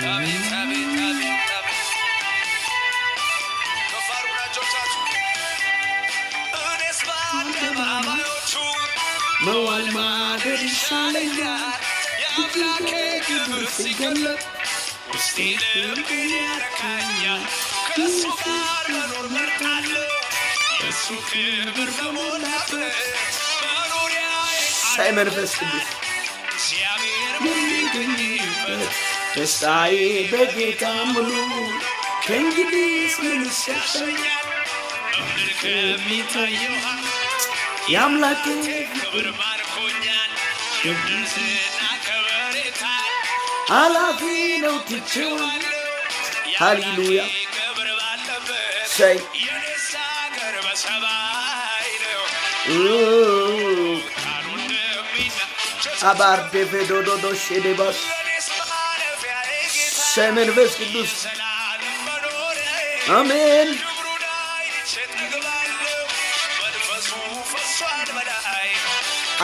Tabii tabii tabii ደስታዬ በጌታ ሙሉ ከእንግዲህ ምን ይሻለኛል ከሚታየው የአምላክን ክብር ባርኮኛል ቅዱስና ከበሬታ ኃላፊ ነው ትችዋለሁ ሃሌሉያ ክብር ባለበት ሸይ የኔስ ሀገር በሰማይ ነው አባር ደቬዶዶዶሽ ዴባስ መንፈስ ቅዱስ አሜን።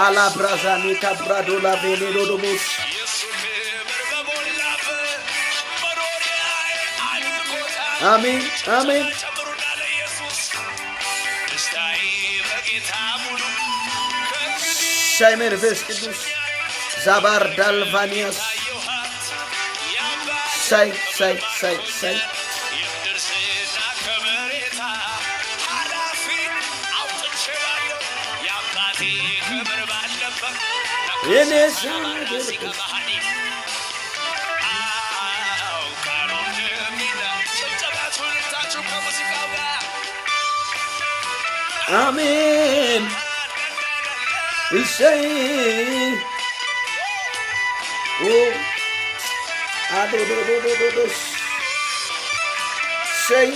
አላብራዛኔ ካብራዶላ ቬኔሎ ዶሞስ አሜን አሜን። ሻይ ቅዱስ ዛባር ዳልቫኒያስ say, say, say, say. In this I'm in. We say, oh. አዶዶዶዶዶዶሸይ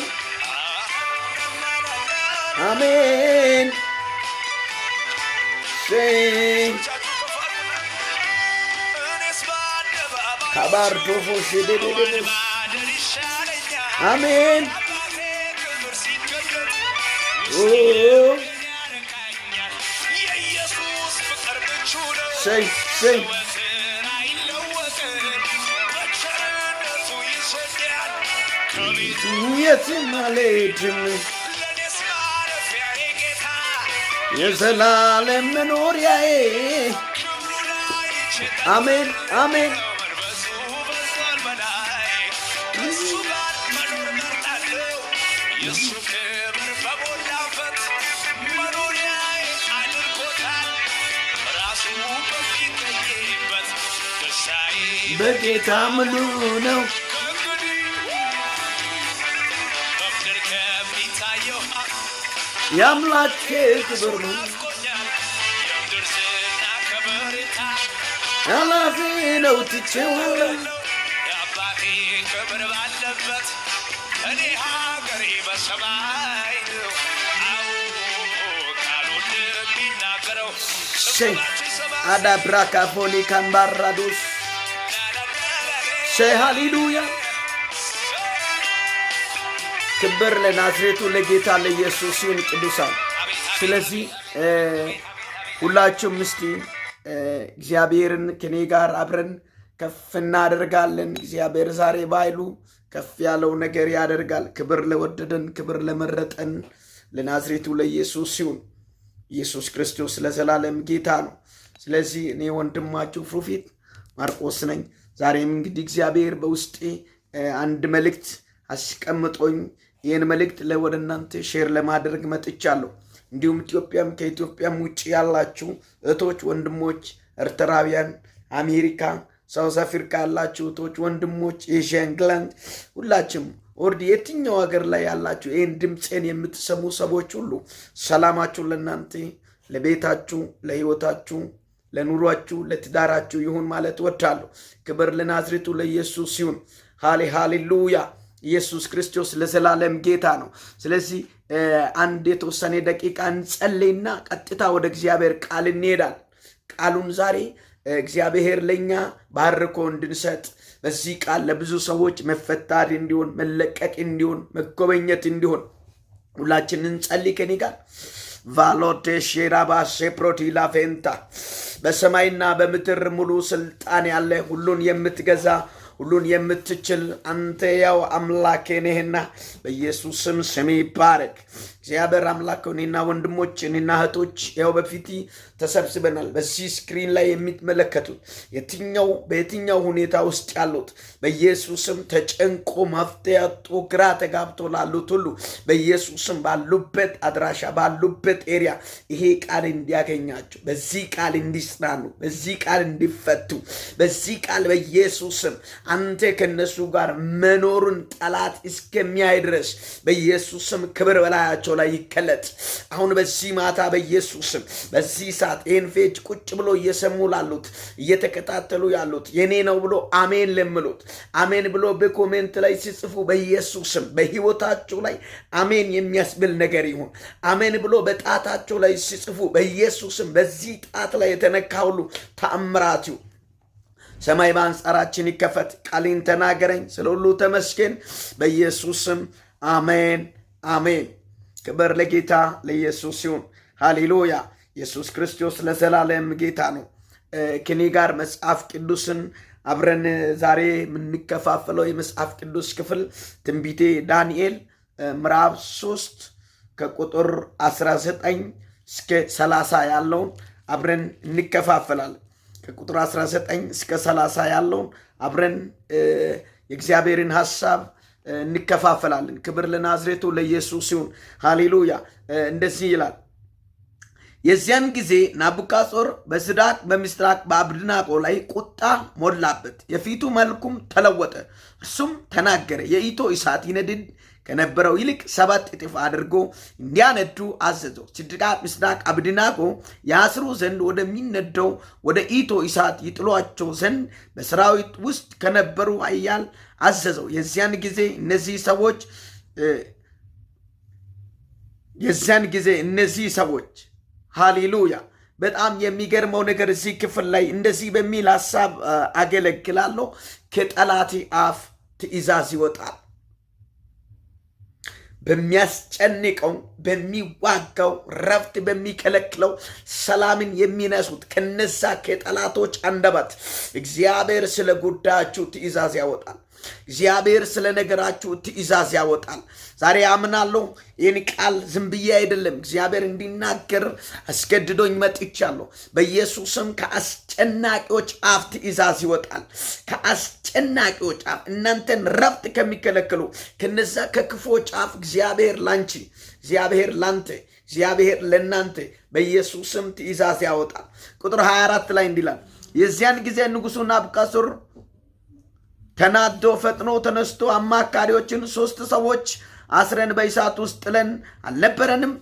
አሜን ካባርዶፎሽ አሜን ሸይ ሸይ የትም አልሄድም የዘላለም መኖሪያዬ አሜን አሜን በጌታ ምሉ ነው የአምላኬ ክብር ነው አላፊ ነው ትቼዋለሁ የአባቴ ክብር ባለበት እኔ ሀገሬ በሰማይ አዳብራካፎኒ ካምባራዶስ ሼ ሃሌሉያ ክብር ለናዝሬቱ ለጌታ ለኢየሱስ ይሁን። ቅዱሳን ስለዚህ ሁላችሁም እስቲ እግዚአብሔርን ከኔ ጋር አብረን ከፍ እናደርጋለን። እግዚአብሔር ዛሬ ባይሉ ከፍ ያለው ነገር ያደርጋል። ክብር ለወደደን፣ ክብር ለመረጠን ለናዝሬቱ ለኢየሱስ ይሁን። ኢየሱስ ክርስቶስ ለዘላለም ጌታ ነው። ስለዚህ እኔ ወንድማችሁ ፍሩፊት ማርቆስ ነኝ። ዛሬም እንግዲህ እግዚአብሔር በውስጤ አንድ መልእክት አስቀምጦኝ ይህን መልእክት ወደ እናንተ ሼር ለማድረግ መጥቻለሁ። እንዲሁም ኢትዮጵያም ከኢትዮጵያም ውጭ ያላችሁ እህቶች ወንድሞች፣ ኤርትራውያን፣ አሜሪካ፣ ሳውዝ አፍሪካ ያላችሁ እህቶች ወንድሞች፣ ኤሽያ፣ እንግላንድ ሁላችሁም ወርድ የትኛው ሀገር ላይ ያላችሁ ይህን ድምፄን የምትሰሙ ሰዎች ሁሉ ሰላማችሁ ለእናንተ ለቤታችሁ፣ ለህይወታችሁ፣ ለኑሯችሁ፣ ለትዳራችሁ ይሁን ማለት ወዳለሁ። ክብር ለናዝሬቱ ለኢየሱስ ይሁን። ሃሌ ሃሌሉያ ኢየሱስ ክርስቶስ ለዘላለም ጌታ ነው። ስለዚህ አንድ የተወሰነ ደቂቃ እንጸልይና ቀጥታ ወደ እግዚአብሔር ቃል እንሄዳል። ቃሉን ዛሬ እግዚአብሔር ለእኛ ባርኮ እንድንሰጥ በዚህ ቃል ለብዙ ሰዎች መፈታት እንዲሆን፣ መለቀቅ እንዲሆን፣ መጎበኘት እንዲሆን ሁላችን እንጸልይ ከኔ ጋር ቫሎቴ ሼራባ ሴፕሮቲ ላፌንታ በሰማይና በምድር ሙሉ ስልጣን ያለ ሁሉን የምትገዛ ሁሉን የምትችል አንተ ያው አምላኬ ነህና በኢየሱስም ስም ይባረክ። እግዚአብሔር አምላክ እኔና ወንድሞች እኔና እህቶች ያው በፊት ተሰብስበናል። በዚህ ስክሪን ላይ የሚመለከቱት የትኛው በየትኛው ሁኔታ ውስጥ ያሉት በኢየሱስም ተጨንቆ መፍትሄ ያጡ ግራ ተጋብቶ ላሉት ሁሉ በኢየሱስም ባሉበት አድራሻ ባሉበት ኤሪያ ይሄ ቃል እንዲያገኛቸው፣ በዚህ ቃል እንዲጽናኑ፣ በዚህ ቃል እንዲፈቱ፣ በዚህ ቃል በኢየሱስም አንተ ከነሱ ጋር መኖሩን ጠላት እስከሚያይ ድረስ በኢየሱስም ክብር በላያቸው በህይወታቸው ላይ ይከለጥ። አሁን በዚህ ማታ በኢየሱስም በዚህ ሰዓት ይህን ፌጅ ቁጭ ብሎ እየሰሙ ላሉት እየተከታተሉ ያሉት የኔ ነው ብሎ አሜን ለምሉት አሜን ብሎ በኮሜንት ላይ ሲጽፉ በኢየሱስም በህይወታቸው ላይ አሜን የሚያስብል ነገር ይሁን። አሜን ብሎ በጣታቸው ላይ ሲጽፉ በኢየሱስም በዚህ ጣት ላይ የተነካ ሁሉ ተአምራት ይሁን። ሰማይ በአንጻራችን ይከፈት። ቃሊን ተናገረኝ። ስለ ሁሉ ተመስገን። በኢየሱስም አሜን አሜን። ክብር ለጌታ ለኢየሱስ ይሁን። ሃሌሉያ። ኢየሱስ ክርስቶስ ለዘላለም ጌታ ነው። ከኔ ጋር መጽሐፍ ቅዱስን አብረን ዛሬ የምንከፋፈለው የመጽሐፍ ቅዱስ ክፍል ትንቢቴ ዳንኤል ምዕራፍ ሶስት ከቁጥር 19 እስከ 30 ያለውን አብረን እንከፋፈላለን። ከቁጥር 19 እስከ 30 ያለውን አብረን የእግዚአብሔርን ሐሳብ እንከፋፈላለን። ክብር ለናዝሬቱ ለኢየሱስ ይሁን። ሃሌሉያ። እንደዚህ ይላል። የዚያን ጊዜ ናቡካጾር በስዳቅ በምስራቅ በአብድናቆ ላይ ቁጣ ሞላበት፣ የፊቱ መልኩም ተለወጠ። እርሱም ተናገረ፣ የኢቶ እሳት ይነድድ ከነበረው ይልቅ ሰባት እጥፍ አድርጎ እንዲያነዱ አዘዘው። ሲድራቅ ሚሳቅ አብድናጎ የአስሩ ዘንድ ወደሚነደው ወደ ኢቶ እሳት ይጥሏቸው ዘንድ በሰራዊት ውስጥ ከነበሩ አያል አዘዘው። የዚያን ጊዜ እነዚህ ሰዎች የዚያን ጊዜ እነዚህ ሰዎች ሃሌሉያ። በጣም የሚገርመው ነገር እዚህ ክፍል ላይ እንደዚህ በሚል ሀሳብ አገለግላለሁ። ከጠላቴ አፍ ትእዛዝ ይወጣል በሚያስጨንቀው በሚዋጋው ረፍት በሚከለክለው ሰላምን የሚነሱት ከነዛ ከጠላቶች አንደበት እግዚአብሔር ስለ ጉዳያችሁ ትእዛዝ ያወጣል። እግዚአብሔር ስለ ነገራችሁ ትእዛዝ ያወጣል። ዛሬ አምናለሁ። ይህን ቃል ዝም ብዬ አይደለም እግዚአብሔር እንዲናገር አስገድዶኝ መጥቻለሁ። በኢየሱስም ከአስጨናቂዎች አፍ ትእዛዝ ይወጣል። ከአስጨናቂዎች አፍ እናንተን ረፍት ከሚከለክሉ ከነዛ ከክፎች አፍ እግዚአብሔር ላንቺ፣ እግዚአብሔር ላንተ፣ እግዚአብሔር ለእናንተ በኢየሱስም ትእዛዝ ያወጣል። ቁጥር 24 ላይ እንዲላል የዚያን ጊዜ ንጉሱ ናቡከደነጾር ተናዶ ፈጥኖ ተነስቶ አማካሪዎችን ሶስት ሰዎች አስረን በእሳት ውስጥ ጥለን አልነበረንም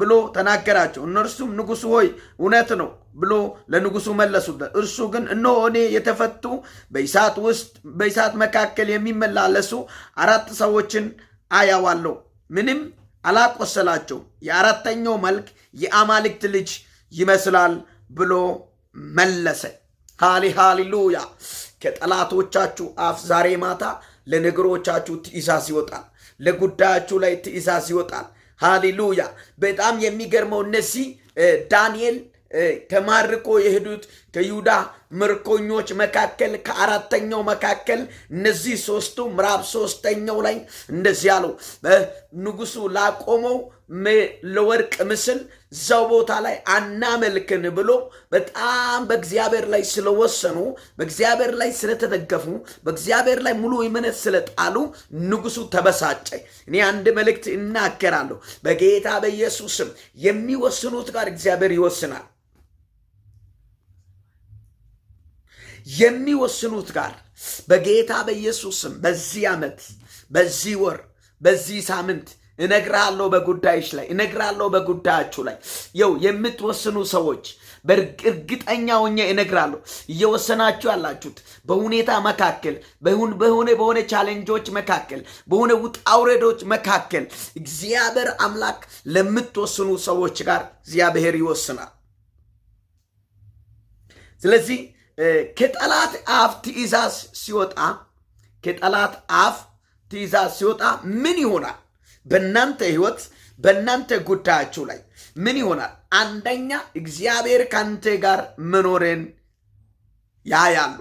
ብሎ ተናገራቸው። እነርሱም ንጉሱ ሆይ እውነት ነው ብሎ ለንጉሱ መለሱበት። እርሱ ግን እነሆ እኔ የተፈቱ በእሳት ውስጥ በእሳት መካከል የሚመላለሱ አራት ሰዎችን አያዋለሁ፣ ምንም አላቆሰላቸው፣ የአራተኛው መልክ የአማልክት ልጅ ይመስላል ብሎ መለሰ። ሃሌ ሃሌሉያ ከጠላቶቻችሁ አፍ ዛሬ ማታ ለነገሮቻችሁ ትእዛዝ ይወጣል። ለጉዳያችሁ ላይ ትእዛዝ ይወጣል። ሃሌሉያ። በጣም የሚገርመው እነዚህ ዳንኤል ተማርቆ የሄዱት ከይሁዳ ምርኮኞች መካከል ከአራተኛው መካከል እነዚህ ሶስቱ ምዕራፍ ሶስተኛው ላይ እንደዚህ አለው። ንጉሱ ላቆመው ለወርቅ ምስል እዛው ቦታ ላይ አናመልክን ብሎ በጣም በእግዚአብሔር ላይ ስለወሰኑ፣ በእግዚአብሔር ላይ ስለተደገፉ፣ በእግዚአብሔር ላይ ሙሉ እምነት ስለጣሉ ንጉሱ ተበሳጨ። እኔ አንድ መልእክት እናገራለሁ በጌታ በኢየሱስም የሚወስኑት ጋር እግዚአብሔር ይወስናል። የሚወስኑት ጋር በጌታ በኢየሱስም በዚህ ዓመት፣ በዚህ ወር፣ በዚህ ሳምንት እነግራለሁ በጉዳዮች ላይ እነግራለሁ በጉዳያችሁ ላይ ው የምትወስኑ ሰዎች በእርግጠኛ ሆኜ እነግራለሁ። እየወሰናችሁ ያላችሁት በሁኔታ መካከል በሆነ በሆነ ቻሌንጆች መካከል በሆነ ውጣውረዶች መካከል እግዚአብሔር አምላክ ለምትወስኑ ሰዎች ጋር እግዚአብሔር ይወስናል። ስለዚህ ከጠላት አፍ ትእዛዝ ሲወጣ ከጠላት አፍ ትእዛዝ ሲወጣ ምን ይሆናል? በእናንተ ህይወት በእናንተ ጉዳያችሁ ላይ ምን ይሆናል? አንደኛ እግዚአብሔር ከአንተ ጋር መኖሬን ያያሉ።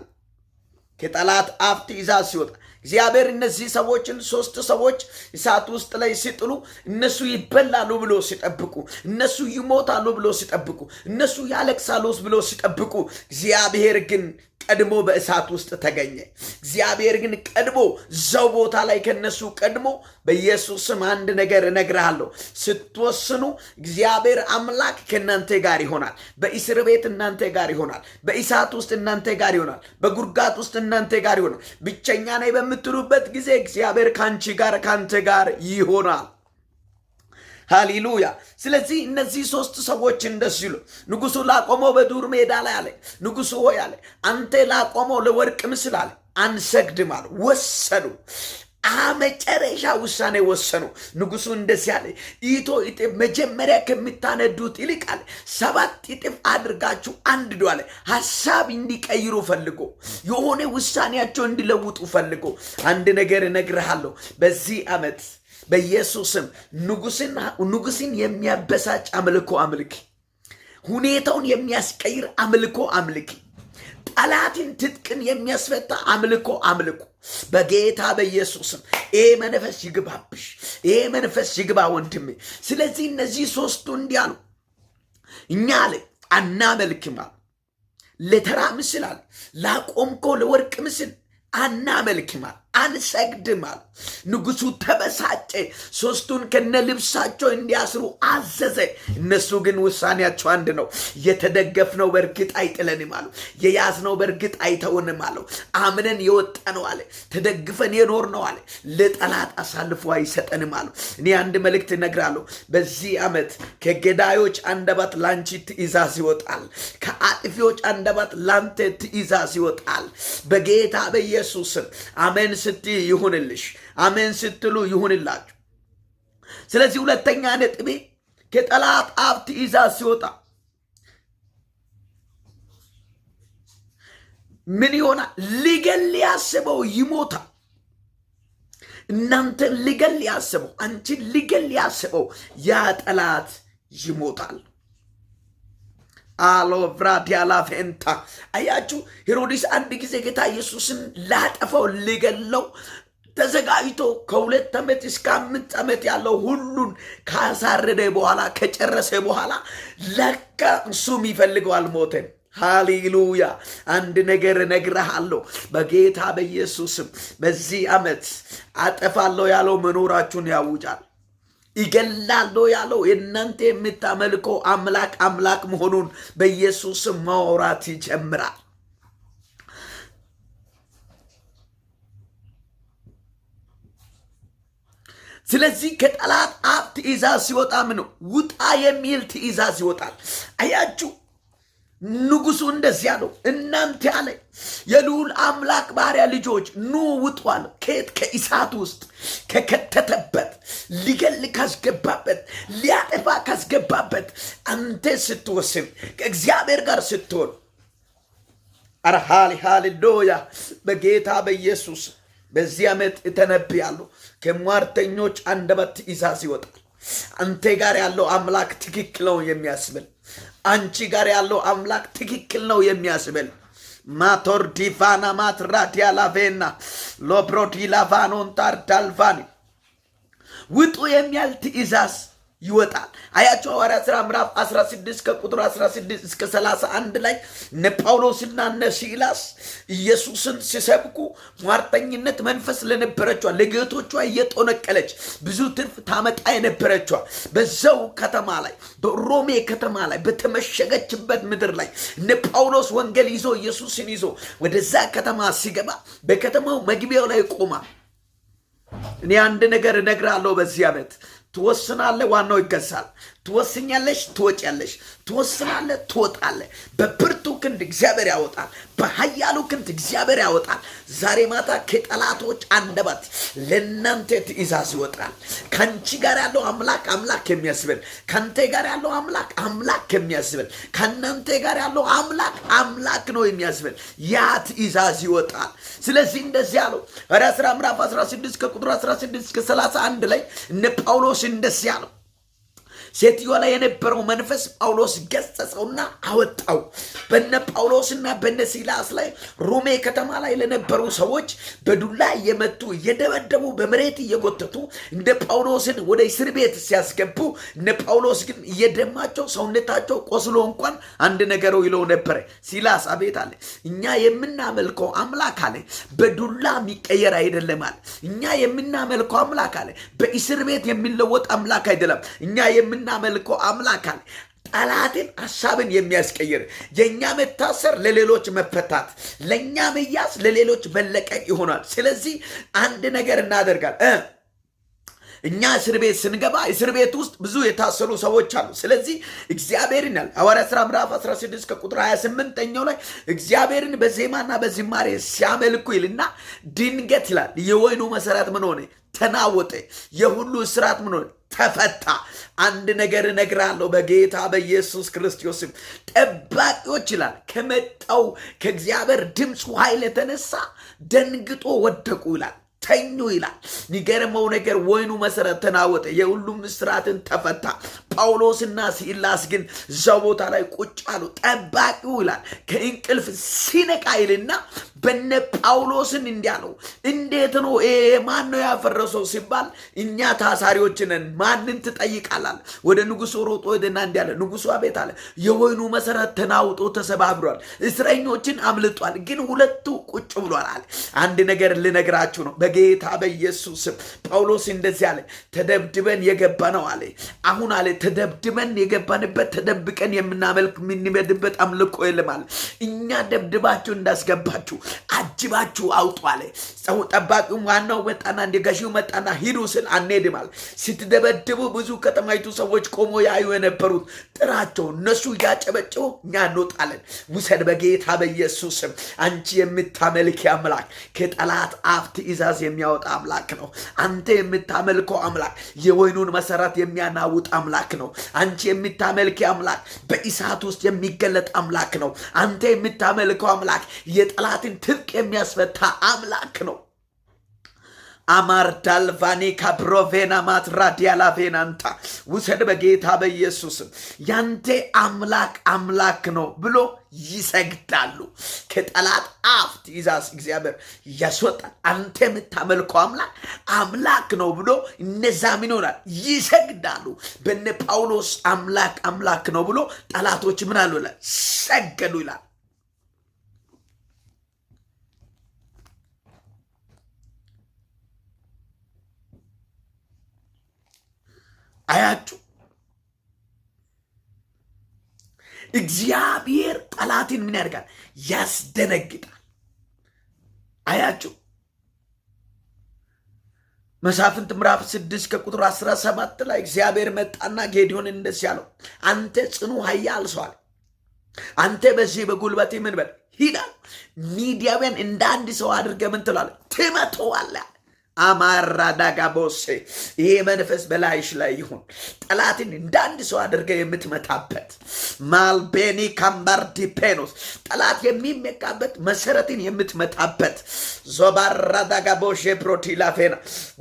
ከጠላት አፍ ትእዛዝ ሲወጣ እግዚአብሔር እነዚህ ሰዎችን ሶስት ሰዎች እሳት ውስጥ ላይ ሲጥሉ እነሱ ይበላሉ ብሎ ሲጠብቁ፣ እነሱ ይሞታሉ ብሎ ሲጠብቁ፣ እነሱ ያለቅሳሉ ብሎ ሲጠብቁ እግዚአብሔር ግን ቀድሞ በእሳት ውስጥ ተገኘ። እግዚአብሔር ግን ቀድሞ እዛው ቦታ ላይ ከነሱ ቀድሞ በኢየሱስም አንድ ነገር እነግርሃለሁ፣ ስትወስኑ እግዚአብሔር አምላክ ከእናንተ ጋር ይሆናል። በእስር ቤት እናንተ ጋር ይሆናል። በእሳት ውስጥ እናንተ ጋር ይሆናል። በጉርጋት ውስጥ እናንተ ጋር ይሆናል። ብቸኛ ነኝ በምትሉበት ጊዜ እግዚአብሔር ከአንቺ ጋር ከአንተ ጋር ይሆናል። ሃሌሉያ። ስለዚህ እነዚህ ሶስት ሰዎች እንደዚህ ይሉ ንጉሱ ላቆሞ በዱር ሜዳ ላይ አለ፣ ንጉሱ ሆይ አለ አንተ ላቆሞ ለወርቅ ምስል አለ አንሰግድም አለ። ወሰኑ አመጨረሻ ውሳኔ ወሰኑ። ንጉሱ እንደዚህ አለ፣ ኢቶ እጥፍ መጀመሪያ ከምታነዱት ይልቅ አለ ሰባት እጥፍ አድርጋችሁ አንድዱ አለ። ሀሳብ እንዲቀይሩ ፈልጎ የሆነ ውሳኔያቸው እንዲለውጡ ፈልጎ አንድ ነገር እነግርሃለሁ በዚህ ዓመት በኢየሱስም ንጉስን የሚያበሳጭ አምልኮ አምልክ። ሁኔታውን የሚያስቀይር አምልኮ አምልክ። ጠላትን ትጥቅን የሚያስፈታ አምልኮ አምልኩ። በጌታ በኢየሱስም ይሄ መንፈስ ይግባብሽ፣ ይሄ መንፈስ ይግባ ወንድሜ። ስለዚህ እነዚህ ሶስቱ እንዲያ ነው። እኛ አለ አናመልክም አለ ለተራ ምስል አለ ላቆምኮ ለወርቅ ምስል አናመልክም አለ አንሰግድም አሉ። ንጉሱ ተበሳጨ። ሶስቱን ከነ ልብሳቸው እንዲያስሩ አዘዘ። እነሱ ግን ውሳኔያቸው አንድ ነው። የተደገፍነው በእርግጥ አይጥለንም አሉ። የያዝነው በእርግጥ አይተውንም አሉ። አምነን የወጣ ነው አለ። ተደግፈን የኖር ነው አለ። ለጠላት አሳልፎ አይሰጠንም አሉ። እኔ አንድ መልእክት እነግራለሁ። በዚህ ዓመት ከገዳዮች አንደበት ላንቺ ትእዛዝ ይወጣል። ከአጥፊዎች አንደበት ላንተ ትእዛዝ ይወጣል። በጌታ በኢየሱስም አሜን። ስትይ ይሁንልሽ፣ አሜን ስትሉ ይሁንላችሁ። ስለዚህ ሁለተኛ ነጥቤ ከጠላት አብት ይዛ ሲወጣ ምን ይሆናል? ሊገል ሊያስበው ይሞታል። እናንተን ሊገል ሊያስበው፣ አንቺን ሊገል ሊያስበው ያ ጠላት ይሞታል። አሎቭራዲያ ላፌንታ አያችሁ፣ ሄሮድስ አንድ ጊዜ ጌታ ኢየሱስን ላጠፈው ሊገለው ተዘጋጅቶ ከሁለት ዓመት እስከ አምስት ዓመት ያለው ሁሉን ካሳረደ በኋላ ከጨረሰ በኋላ ለካ እሱም ይፈልገዋል ሞተን ሃሌሉያ አንድ ነገር እነግርሃለሁ፣ በጌታ በኢየሱስም በዚህ ዓመት አጠፋለሁ ያለው መኖራችሁን ያውጃል። ይገላለሁ ያለው የእናንተ የምታመልከው አምላክ አምላክ መሆኑን በኢየሱስ ማውራት ይጀምራል። ስለዚህ ከጠላት አፍ ትእዛዝ ሲወጣ ምን ውጣ የሚል ትእዛዝ ይወጣል። አያችሁ ንጉሱ እንደዚህ አለው፣ እናንተ ያለ የልዑል አምላክ ባሪያ ልጆች ኑ ውጧል። ከየት ከእሳት ውስጥ ከከተተበት ሊገል ካስገባበት ሊያጠፋ ካስገባበት አንተ ስትወስን ከእግዚአብሔር ጋር ስትሆን፣ አረ ሃሌ ሃሌሉያ በጌታ በኢየሱስ በዚህ ዓመት እተነብያለሁ ከሟርተኞች አንደበት ትእዛዝ ይወጣል። አንተ ጋር ያለው አምላክ ትክክለውን የሚያስብል አንቺ ጋር ያለው አምላክ ትክክል ነው የሚያስብል ማቶር ዲቫና ማትራት ላቬና ሎብሮዲ ላቫኖን ታርዳልቫኒ ውጡ የሚያል ትእዛዝ ይወጣል። አያቸው ሐዋርያት ሥራ ምዕራፍ 16 ከቁጥር 16 እስከ 31 ላይ እነ ጳውሎስና እነ ሲላስ ኢየሱስን ሲሰብኩ ሟርተኝነት መንፈስ ለነበረቿ ለጌቶቿ እየጦነቀለች ብዙ ትርፍ ታመጣ የነበረቿ በዛው ከተማ ላይ በሮሜ ከተማ ላይ በተመሸገችበት ምድር ላይ እነ ጳውሎስ ወንጌል ይዞ ኢየሱስን ይዞ ወደዛ ከተማ ሲገባ በከተማው መግቢያው ላይ ቆማ እኔ አንድ ነገር እነግራለሁ በዚህ ዓመት ትወስናለህ። ዋናው ይከሳል። ትወስኛለሽ፣ ትወጪያለሽ፣ ትወስናለ፣ ትወጣለ። በብርቱ ክንድ እግዚአብሔር ያወጣል። በኃያሉ ክንድ እግዚአብሔር ያወጣል። ዛሬ ማታ ከጠላቶች አንደበት ለእናንተ ትእዛዝ ይወጣል። ከአንቺ ጋር ያለው አምላክ አምላክ የሚያስብል፣ ከአንተ ጋር ያለው አምላክ አምላክ የሚያስብል፣ ከእናንተ ጋር ያለው አምላክ አምላክ ነው የሚያስብል ያ ትእዛዝ ይወጣል። ስለዚህ እንደዚህ ያለው ሐዋርያት ሥራ ምዕራፍ 16 ከቁጥር 16 እስከ 31 ላይ እነ ጳውሎስ እንደዚህ ያለው ሴትዮዋ ላይ የነበረው መንፈስ ጳውሎስ ገሰጸውና አወጣው። በነ ጳውሎስና በነ ሲላስ ላይ ሮሜ ከተማ ላይ ለነበሩ ሰዎች በዱላ እየመቱ እየደበደቡ በመሬት እየጎተቱ እንደ ጳውሎስን ወደ እስር ቤት ሲያስገቡ እነ ጳውሎስ ግን እየደማቸው ሰውነታቸው ቆስሎ እንኳን አንድ ነገረው ይለው ነበረ። ሲላስ አቤት አለ፣ እኛ የምናመልከው አምላክ አለ በዱላ የሚቀየር አይደለም አለ። እኛ የምናመልከው አምላክ አለ በእስር ቤት የሚለወጥ አምላክ አይደለም። እኛ የምን የምናመልከው አምላክ አለ ጠላትን ሀሳብን የሚያስቀይር የእኛ መታሰር ለሌሎች መፈታት፣ ለእኛ መያዝ ለሌሎች መለቀቅ ይሆናል። ስለዚህ አንድ ነገር እናደርጋል እኛ እስር ቤት ስንገባ እስር ቤት ውስጥ ብዙ የታሰሩ ሰዎች አሉ። ስለዚህ እግዚአብሔር ያል ሐዋርያ ሥራ ምዕራፍ 16 ከቁጥር 28ኛው ላይ እግዚአብሔርን በዜማና በዝማሬ ሲያመልኩ ይልና ድንገት ይላል የወይኑ መሰረት ምን ሆነ? ተናወጠ። የሁሉ እስራት ምን ሆነ? ተፈታ። አንድ ነገር እነግራለሁ በጌታ በኢየሱስ ክርስቶስም ጠባቂዎች ይላል ከመጣው ከእግዚአብሔር ድምፁ ኃይል የተነሳ ደንግጦ ወደቁ ይላል። ተኙ ይላል። የሚገርመው ነገር ወይኑ መሰረት ተናወጠ፣ የሁሉም ስርዓትን ተፈታ። ጳውሎስና ሲላስ ግን እዛው ቦታ ላይ ቁጭ አሉ። ጠባቂው ይላል ከእንቅልፍ ሲነቃ ይልና በነ ጳውሎስን እንዲያ ነው። እንዴት ነው ማን ነው ያፈረሰው ሲባል እኛ ታሳሪዎች ነን ማንን ትጠይቃላል? ወደ ንጉሱ ሮጦ ሄደና እንዲ አለ፣ ንጉሱ አቤት አለ፣ የወይኑ መሰረት ተናውጦ ተሰባብሯል፣ እስረኞችን አምልጧል፣ ግን ሁለቱ ቁጭ ብሏል አለ። አንድ ነገር ልነግራችሁ ነው በጌታ በኢየሱስ ጳውሎስ እንደዚህ አለ፣ ተደብድበን የገባ ነው አለ አሁን አለ ተደብድበን የገባንበት ተደብቀን የምናመልክ የምንመድበት አምልኮ የለማል። እኛ ደብድባችሁ እንዳስገባችሁ አጅባችሁ አውጡ አለ። ሰው ጠባቂውም ዋናው መጣና እንደ እንደጋሽው መጣና ሂዱ ስል አንሄድማል። ስትደበድቡ ብዙ ከተማይቱ ሰዎች ቆሞ ያዩ የነበሩት ጥራቸው፣ እነሱ እያጨበጭቡ እኛ እንወጣለን። ውሰድ በጌታ በኢየሱስም። አንቺ የምታመልክ አምላክ ከጠላት አፍ ትእዛዝ የሚያወጣ አምላክ ነው። አንተ የምታመልከው አምላክ የወይኑን መሰረት የሚያናውጥ አምላክ ነው። አንቺ የምታመልኪ አምላክ በእሳት ውስጥ የሚገለጥ አምላክ ነው። አንተ የምታመልከው አምላክ የጠላትን ትጥቅ የሚያስፈታ አምላክ ነው። አማርዳልቫኔ ካብሮቬና ማትራዲያላቬናንታ ውሰድ በጌታ በኢየሱስም ያንቴ አምላክ አምላክ ነው ብሎ ይሰግዳሉ። ከጠላት አፍ ትእዛዝ እግዚአብሔር ያስወጣል። አንተ የምታመልከው አምላክ አምላክ ነው ብሎ እነዛ ምን ይሆናል ይሰግዳሉ። በነ ጳውሎስ አምላክ አምላክ ነው ብሎ ጠላቶች ምን አሉ ይላል ሰገዱ ይላል። አያችሁ፣ እግዚአብሔር ጠላትን ምን ያደርጋል? ያስደነግጣል። አያችሁ መሳፍንት ምዕራፍ ስድስት ከቁጥር አስራ ሰባት ላይ እግዚአብሔር መጣና ጌዲዮን እንደዚህ ያለው አንተ ጽኑ ኃያል ሰው አለ። አንተ በዚህ በጉልበት ምን በል ሂዳ ሚዲያውያን እንደ አንድ ሰው አድርገ ምን ትላለ ትመታዋለህ አማራ ዳጋቦሴ ይህ መንፈስ በላይሽ ላይ ይሁን። ጠላትን እንደ አንድ ሰው አድርገ የምትመታበት ማልቤኒ ካምባርዲፔኖስ ጠላት የሚመካበት መሰረትን የምትመታበት ዞባራ ዳጋቦሼ ፕሮቲላፌና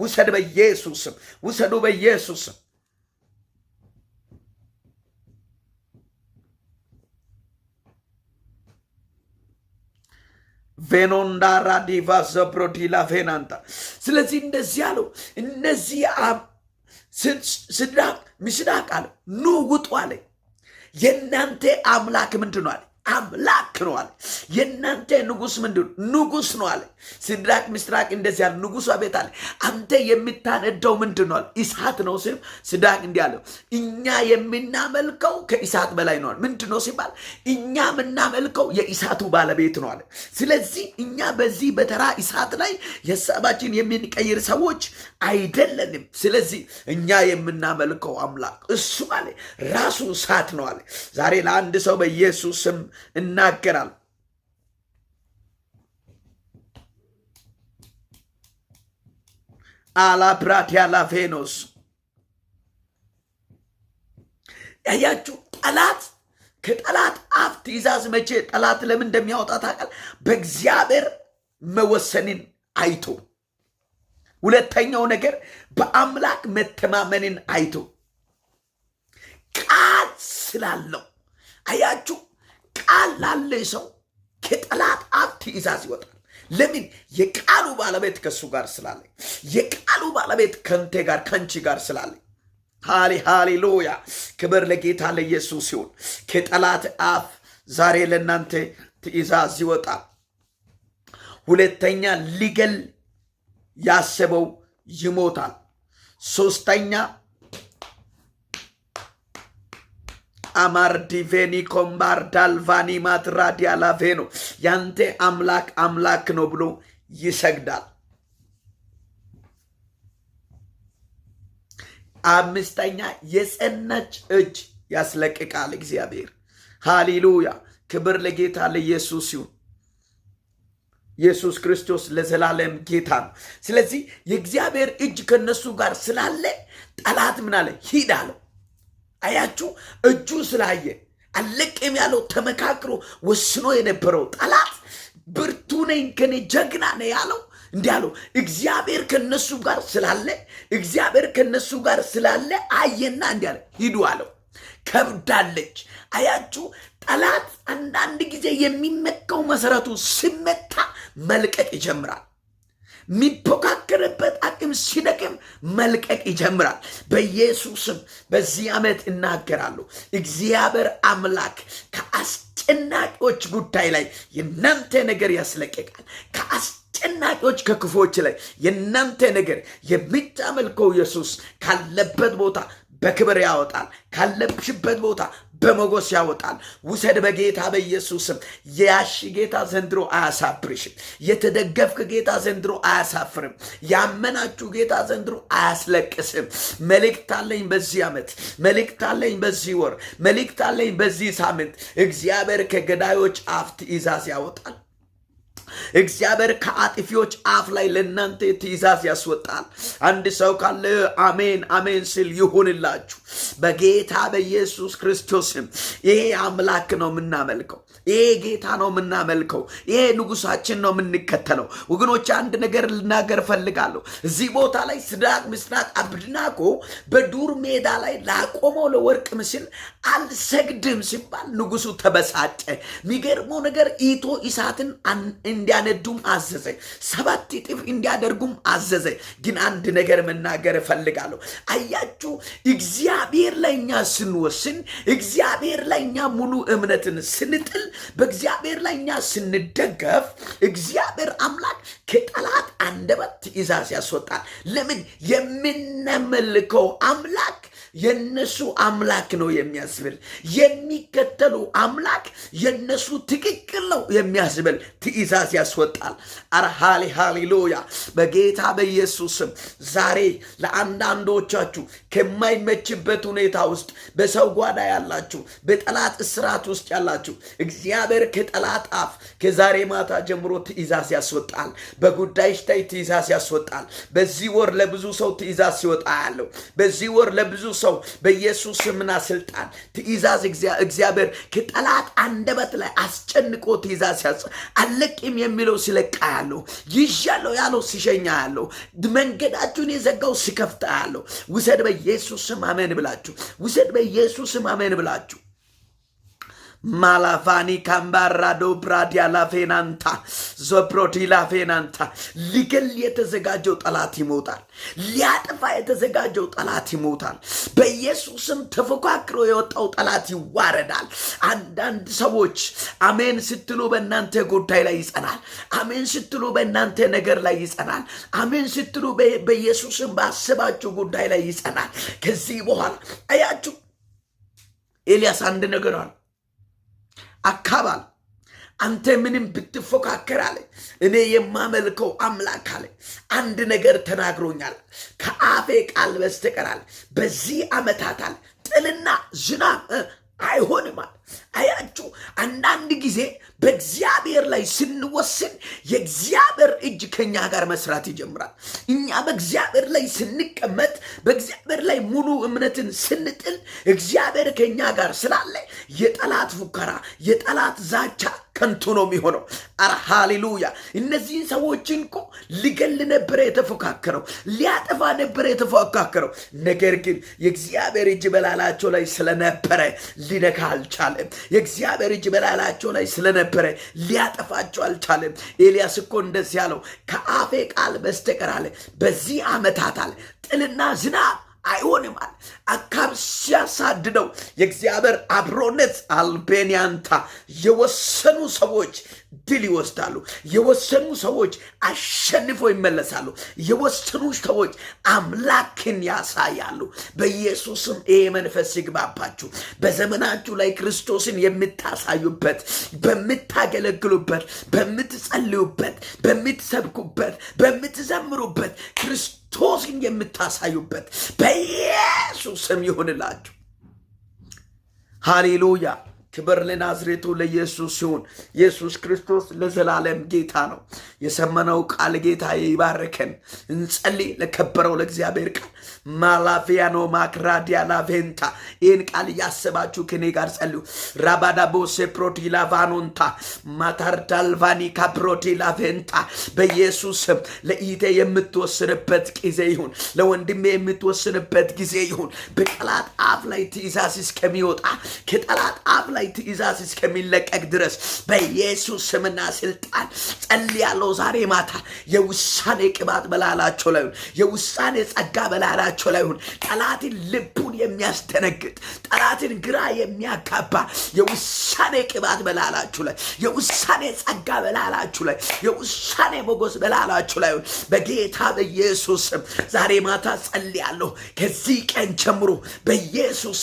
ውሰድ በኢየሱስም ውሰዱ በኢየሱስም ቬኖንዳራ ዲቫዘ ብሮዲላ ቬናንታ። ስለዚህ እንደዚህ አለው፣ እነዚህ ስድራቅ ምስዳቅ አለ ኑ ውጡ አለ። የእናንተ አምላክ ምንድን ነው አለ አምላክ ነው አለ። የእናንተ ንጉስ ምንድን ንጉስ ነው አለ። ሲድራቅ ምስራቅ እንደዚህ ያለ ንጉሱ ቤት አለ። አንተ የምታነደው ምንድን ነው አለ። እሳት ነው ሲል ሲድራቅ እንዲህ አለው፣ እኛ የምናመልከው ከእሳት በላይ ነው አለ። ምንድን ነው ሲባል እኛ የምናመልከው የእሳቱ ባለቤት ነው አለ። ስለዚህ እኛ በዚህ በተራ እሳት ላይ የሰባችን የምንቀይር ሰዎች አይደለንም። ስለዚህ እኛ የምናመልከው አምላክ እሱ አለ ራሱ እሳት ነው አለ። ዛሬ ለአንድ ሰው በኢየሱስ ስም እናገራል። አላብራት ያላፌኖስ ያያችሁ ጠላት ከጠላት አፍ ትእዛዝ መቼ ጠላት ለምን እንደሚያወጣ ታውቃል? በእግዚአብሔር መወሰንን አይቶ፣ ሁለተኛው ነገር በአምላክ መተማመንን አይቶ ቃል ስላለው አያችሁ ቃል ላለህ ሰው ከጠላት አፍ ትእዛዝ ይወጣል። ለምን? የቃሉ ባለቤት ከእሱ ጋር ስላለ፣ የቃሉ ባለቤት ከንቴ ጋር ከንቺ ጋር ስላለ ሃሌ ሃሌሉያ! ክብር ለጌታ ለኢየሱስ ይሁን። ከጠላት አፍ ዛሬ ለእናንተ ትእዛዝ ይወጣል። ሁለተኛ ሊገል ያሰበው ይሞታል። ሶስተኛ አማርዲቬኒ ኮምባር ዳልቫኒ ማትራዲያ ያንተ አምላክ አምላክ ነው ብሎ ይሰግዳል። አምስተኛ የጸናች እጅ ያስለቅቃል እግዚአብሔር። ሃሌሉያ! ክብር ለጌታ ለኢየሱስ ይሁን። ኢየሱስ ክርስቶስ ለዘላለም ጌታ ነው። ስለዚህ የእግዚአብሔር እጅ ከነሱ ጋር ስላለ ጠላት ምን አለ? ሂድ አለው። አያችሁ፣ እጁን ስላየ አለቅም ያለው ተመካክሮ ወስኖ የነበረው ጠላት ብርቱ ነኝ ከኔ ጀግና ነኝ ያለው እንዲህ አለው። እግዚአብሔር ከነሱ ጋር ስላለ እግዚአብሔር ከነሱ ጋር ስላለ አየና እንዲህ አለ፣ ሂዱ አለው። ከብዳለች። አያችሁ ጠላት አንዳንድ ጊዜ የሚመካው መሰረቱ ሲመታ መልቀቅ ይጀምራል። የሚፎካከርበት አቅም ሲደቅም መልቀቅ ይጀምራል። በኢየሱስም በዚህ ዓመት እናገራለሁ። እግዚአብሔር አምላክ ከአስጨናቂዎች ጉዳይ ላይ የእናንተ ነገር ያስለቅቃል። ከአስጨናቂዎች ከክፎች ላይ የእናንተ ነገር የሚታመልከው ኢየሱስ ካለበት ቦታ በክብር ያወጣል። ካለብሽበት ቦታ በመጎስ ያወጣል። ውሰድ በጌታ በኢየሱስም። የያሽ ጌታ ዘንድሮ አያሳፍርሽም። የተደገፍክ ጌታ ዘንድሮ አያሳፍርም። ያመናችሁ ጌታ ዘንድሮ አያስለቅስም። መልእክት አለኝ በዚህ ዓመት፣ መልእክት አለኝ በዚህ ወር፣ መልእክት አለኝ በዚህ ሳምንት። እግዚአብሔር ከገዳዮች አፍ ትእዛዝ ያወጣል። እግዚአብሔር ከአጥፊዎች አፍ ላይ ለእናንተ ትእዛዝ ያስወጣል። አንድ ሰው ካለ አሜን አሜን ስል ይሁንላችሁ። በጌታ በኢየሱስ ክርስቶስም ይሄ አምላክ ነው የምናመልከው። ይሄ ጌታ ነው የምናመልከው፣ ይሄ ንጉሳችን ነው የምንከተለው። ወገኖች አንድ ነገር ልናገር እፈልጋለሁ። እዚህ ቦታ ላይ ሲድራቅ ሚሳቅ አብደናጎ በዱር ሜዳ ላይ ላቆመው ለወርቅ ምስል አልሰግድም ሲባል ንጉሱ ተበሳጨ። የሚገርመው ነገር ኢቶ እሳትን እንዲያነዱም አዘዘ፣ ሰባት እጥፍ እንዲያደርጉም አዘዘ። ግን አንድ ነገር መናገር እፈልጋለሁ። አያችሁ እግዚአብሔር ላይኛ ስንወስን፣ እግዚአብሔር ላይኛ ሙሉ እምነትን ስንጥል በእግዚአብሔር ላይ እኛ ስንደገፍ እግዚአብሔር አምላክ ከጠላት አንደበት ትእዛዝ ያስወጣል። ለምን የምናመልከው አምላክ የነሱ አምላክ ነው የሚያስብል የሚከተሉ አምላክ የነሱ ትክክል ነው የሚያስብል ትእዛዝ ያስወጣል። አረ ሃሌ ሃሌሉያ! በጌታ በኢየሱስም ዛሬ ለአንዳንዶቻችሁ ከማይመችበት ሁኔታ ውስጥ በሰው ጓዳ ያላችሁ፣ በጠላት እስራት ውስጥ ያላችሁ እግዚአብሔር ከጠላት አፍ ከዛሬ ማታ ጀምሮ ትእዛዝ ያስወጣል። በጉዳይሽ ላይ ትእዛዝ ያስወጣል። በዚህ ወር ለብዙ ሰው ትእዛዝ ሲወጣ ያለው በዚህ ወር ለብዙ ሰው በኢየሱስ ስምና ስልጣን ትእዛዝ እግዚአብሔር ከጠላት አንደበት ላይ አስጨንቆ ትእዛዝ ሲያጽ አለቅም የሚለው ሲለቃ ያለው ይዣለው ያለው ሲሸኛ ያለው መንገዳችሁን የዘጋው ሲከፍታ ያለው ውሰድ በኢየሱስ ስም አሜን ብላችሁ ውሰድ በኢየሱስ ስም አሜን ብላችሁ malavani ካምባራዶ ብራዲያ ላፌናንታ ዘፕሮዲ ላፌናንታ ሊገል የተዘጋጀው ጠላት ይሞታል። ሊያጠፋ የተዘጋጀው ጠላት ይሞታል። በኢየሱስም ተፎካክሮ የወጣው ጠላት ይዋረዳል። አንዳንድ ሰዎች አሜን ስትሉ በእናንተ ጉዳይ ላይ ይጸናል። አሜን ስትሉ በእናንተ ነገር ላይ ይጸናል። አሜን ስትሉ በኢየሱስም ባስባችሁ ጉዳይ ላይ ይጸናል። ከዚህ በኋላ አያችሁ ኤልያስ አንድ ነገር አለ አካባል አንተ ምንም ብትፎካከር አለ እኔ የማመልከው አምላክ አለ አንድ ነገር ተናግሮኛል ከአፌ ቃል በስተቀር አለ በዚህ ዓመታት አለ ጥልና ዝናብ አይሆንም አለ አያችሁ፣ አንዳንድ ጊዜ በእግዚአብሔር ላይ ስንወስን የእግዚአብሔር እጅ ከኛ ጋር መስራት ይጀምራል። እኛ በእግዚአብሔር ላይ ስንቀመጥ፣ በእግዚአብሔር ላይ ሙሉ እምነትን ስንጥል፣ እግዚአብሔር ከኛ ጋር ስላለ የጠላት ፉከራ፣ የጠላት ዛቻ ከንቱ ነው የሚሆነው። አረ ሃሌሉያ! እነዚህን ሰዎችን እኮ ሊገል ነበረ የተፎካከረው፣ ሊያጠፋ ነበረ የተፎካከረው። ነገር ግን የእግዚአብሔር እጅ በላላቸው ላይ ስለነበረ ሊነካ አልቻለ። አልቻለም። የእግዚአብሔር እጅ በላላቸው ላይ ስለነበረ ሊያጠፋቸው አልቻለም። ኤልያስ እኮ እንደዚህ ያለው ከአፌ ቃል በስተቀር አለ በዚህ ዓመታት አለ ጥልና ዝናብ አይሆንም አለ። አካብ ሲያሳድደው የእግዚአብሔር አብሮነት አልቤንያንታ የወሰኑ ሰዎች ድል ይወስዳሉ። የወሰኑ ሰዎች አሸንፎ ይመለሳሉ። የወሰኑ ሰዎች አምላክን ያሳያሉ። በኢየሱስም ይህ መንፈስ ይግባባችሁ። በዘመናችሁ ላይ ክርስቶስን የምታሳዩበት፣ በምታገለግሉበት፣ በምትጸልዩበት፣ በምትሰብኩበት፣ በምትዘምሩበት ክርስቶስ ቶስን የምታሳዩበት በኢየሱስ ስም ይሁንላችሁ። ሃሌሉያ ክብር ለናዝሬቱ ለኢየሱስ ሲሆን ኢየሱስ ክርስቶስ ለዘላለም ጌታ ነው። የሰመነው ቃል ጌታ ይባርከን። እንጸልይ። ለከበረው ለእግዚአብሔር ቃል ማላፊያ ነው ማክራዲያ ላቬንታ ይህን ቃል እያሰባችሁ ከኔ ጋር ጸልዩ። ራባዳቦሴ ፕሮቲ ላቫኖንታ ማታርዳልቫኒ ካፕሮቲ ላቬንታ በኢየሱስ ለኢቴ የምትወስንበት ጊዜ ይሁን፣ ለወንድሜ የምትወስንበት ጊዜ ይሁን። በጠላት አፍ ላይ ትእዛዝ እስከሚወጣ ከጠላት አፍ ላይ ላይ ትእዛዝ እስከሚለቀቅ ድረስ በኢየሱስ ስምና ስልጣን ያለው ዛሬ ማታ የውሳኔ ቅባት በላላቸው ላይ የውሳኔ ጸጋ በላላቸው ላይሁን ጠላትን ልቡን የሚያስደነግጥ ጠላትን ግራ የሚያጋባ የውሳኔ ቅባት በላላችሁ ላይ፣ የውሳኔ ጸጋ በላላችሁ ላይ፣ የውሳኔ ሞገስ በላላችሁ ላይ በጌታ በኢየሱስ ዛሬ ማታ ያለሁ ከዚህ ቀን ጀምሮ በኢየሱስም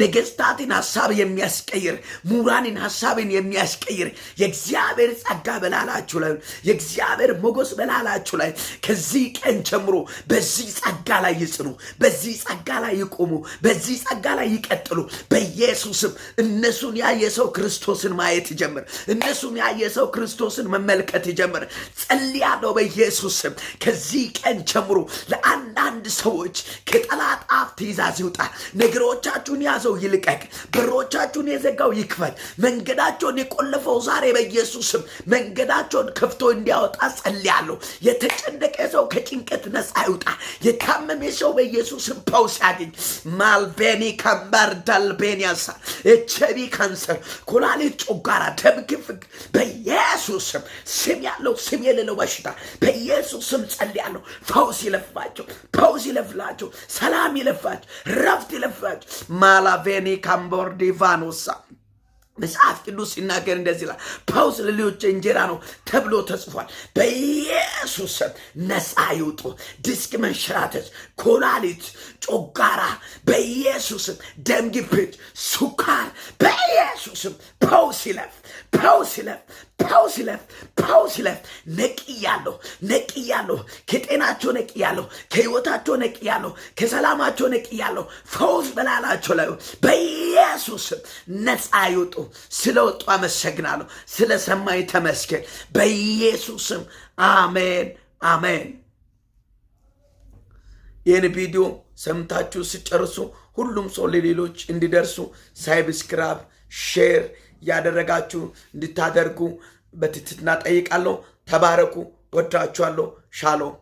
ነገስታትን ሀሳብ የሚያስቀይር ምሁራንን ሀሳብን የሚያስቀይር የእግዚአብሔር ጸጋ በላላችሁ ላይ የእግዚአብሔር ሞገስ በላላችሁ ላይ ከዚህ ቀን ጀምሮ በዚህ ጸጋ ላይ ይጽኑ፣ በዚህ ጸጋ ላይ ይቆሙ፣ በዚህ ጸጋ ላይ ይቀጥሉ። በኢየሱስም እነሱን ያየ ሰው ክርስቶስን ማየት ይጀምር። እነሱን ያየ ሰው ክርስቶስን መመልከት ይጀምር። ጸልያለሁ በኢየሱስም ከዚህ ቀን ጀምሮ ለአንዳንድ ሰዎች ከጠላት አፍ ትእዛዝ ይውጣል ነገሮቻችሁን ያዘው ይልቀቅ። በሮቻችሁን የዘጋው ይክፈል። መንገዳቸውን የቆለፈው ዛሬ በኢየሱስም መንገዳቸውን ከፍቶ እንዲያወጣ ጸልያለሁ። የተጨነቀ ሰው ከጭንቀት ነፃ ይውጣ። የታመመ ሰው በኢየሱስም ፈውስ ያገኝ። ማልቤኒ ከምበር ዳልቤኒያሳ የቸቢ ካንሰር፣ ኩላሊት፣ ጮጋራ፣ ደም ግፊት በኢየሱስም ስም ያለው ስም የሌለው በሽታ በኢየሱስም ጸልያለሁ። ፈውስ ይለፍባቸው፣ ፈውስ ይለፍላቸው፣ ሰላም ይለፍባቸው፣ ረፍት ይለፍባቸው። ላላቬኒ ካምቦርዲቫኖሳ መጽሐፍ ቅዱስ ሲናገር እንደዚህ ይላል። ፓውስ ለሌሎች እንጀራ ነው ተብሎ ተጽፏል። በኢየሱስ ስም ነፃ ይውጡ። ዲስክ መንሸራተት፣ ኮላሊት፣ ጮጋራ በኢየሱስም ደም ግፊት፣ ሱካር በኢየሱስም ፓውስ ይለፍ፣ ፓውስ ይለፍ ፓው ሲለፍ ፓው ሲለፍ ነቅያለሁ፣ ነቅያለሁ፣ ከጤናቸው ነቅያለሁ፣ ከህይወታቸው ነቅያለሁ፣ ከሰላማቸው ነቅያለሁ። ፈውስ በላላቸው ላይ በኢየሱስ ነፃ ይውጡ። ስለወጡ አመሰግናለሁ። ስለሰማኝ ተመስገን። በኢየሱስም አሜን፣ አሜን። ይህን ቪዲዮ ሰምታችሁ ስጨርሱ ሁሉም ሰው ለሌሎች እንዲደርሱ ሳብስክራይብ፣ ሼር እያደረጋችሁ እንድታደርጉ በትትና ጠይቃለሁ። ተባረኩ። ወዳችኋለሁ። ሻሎም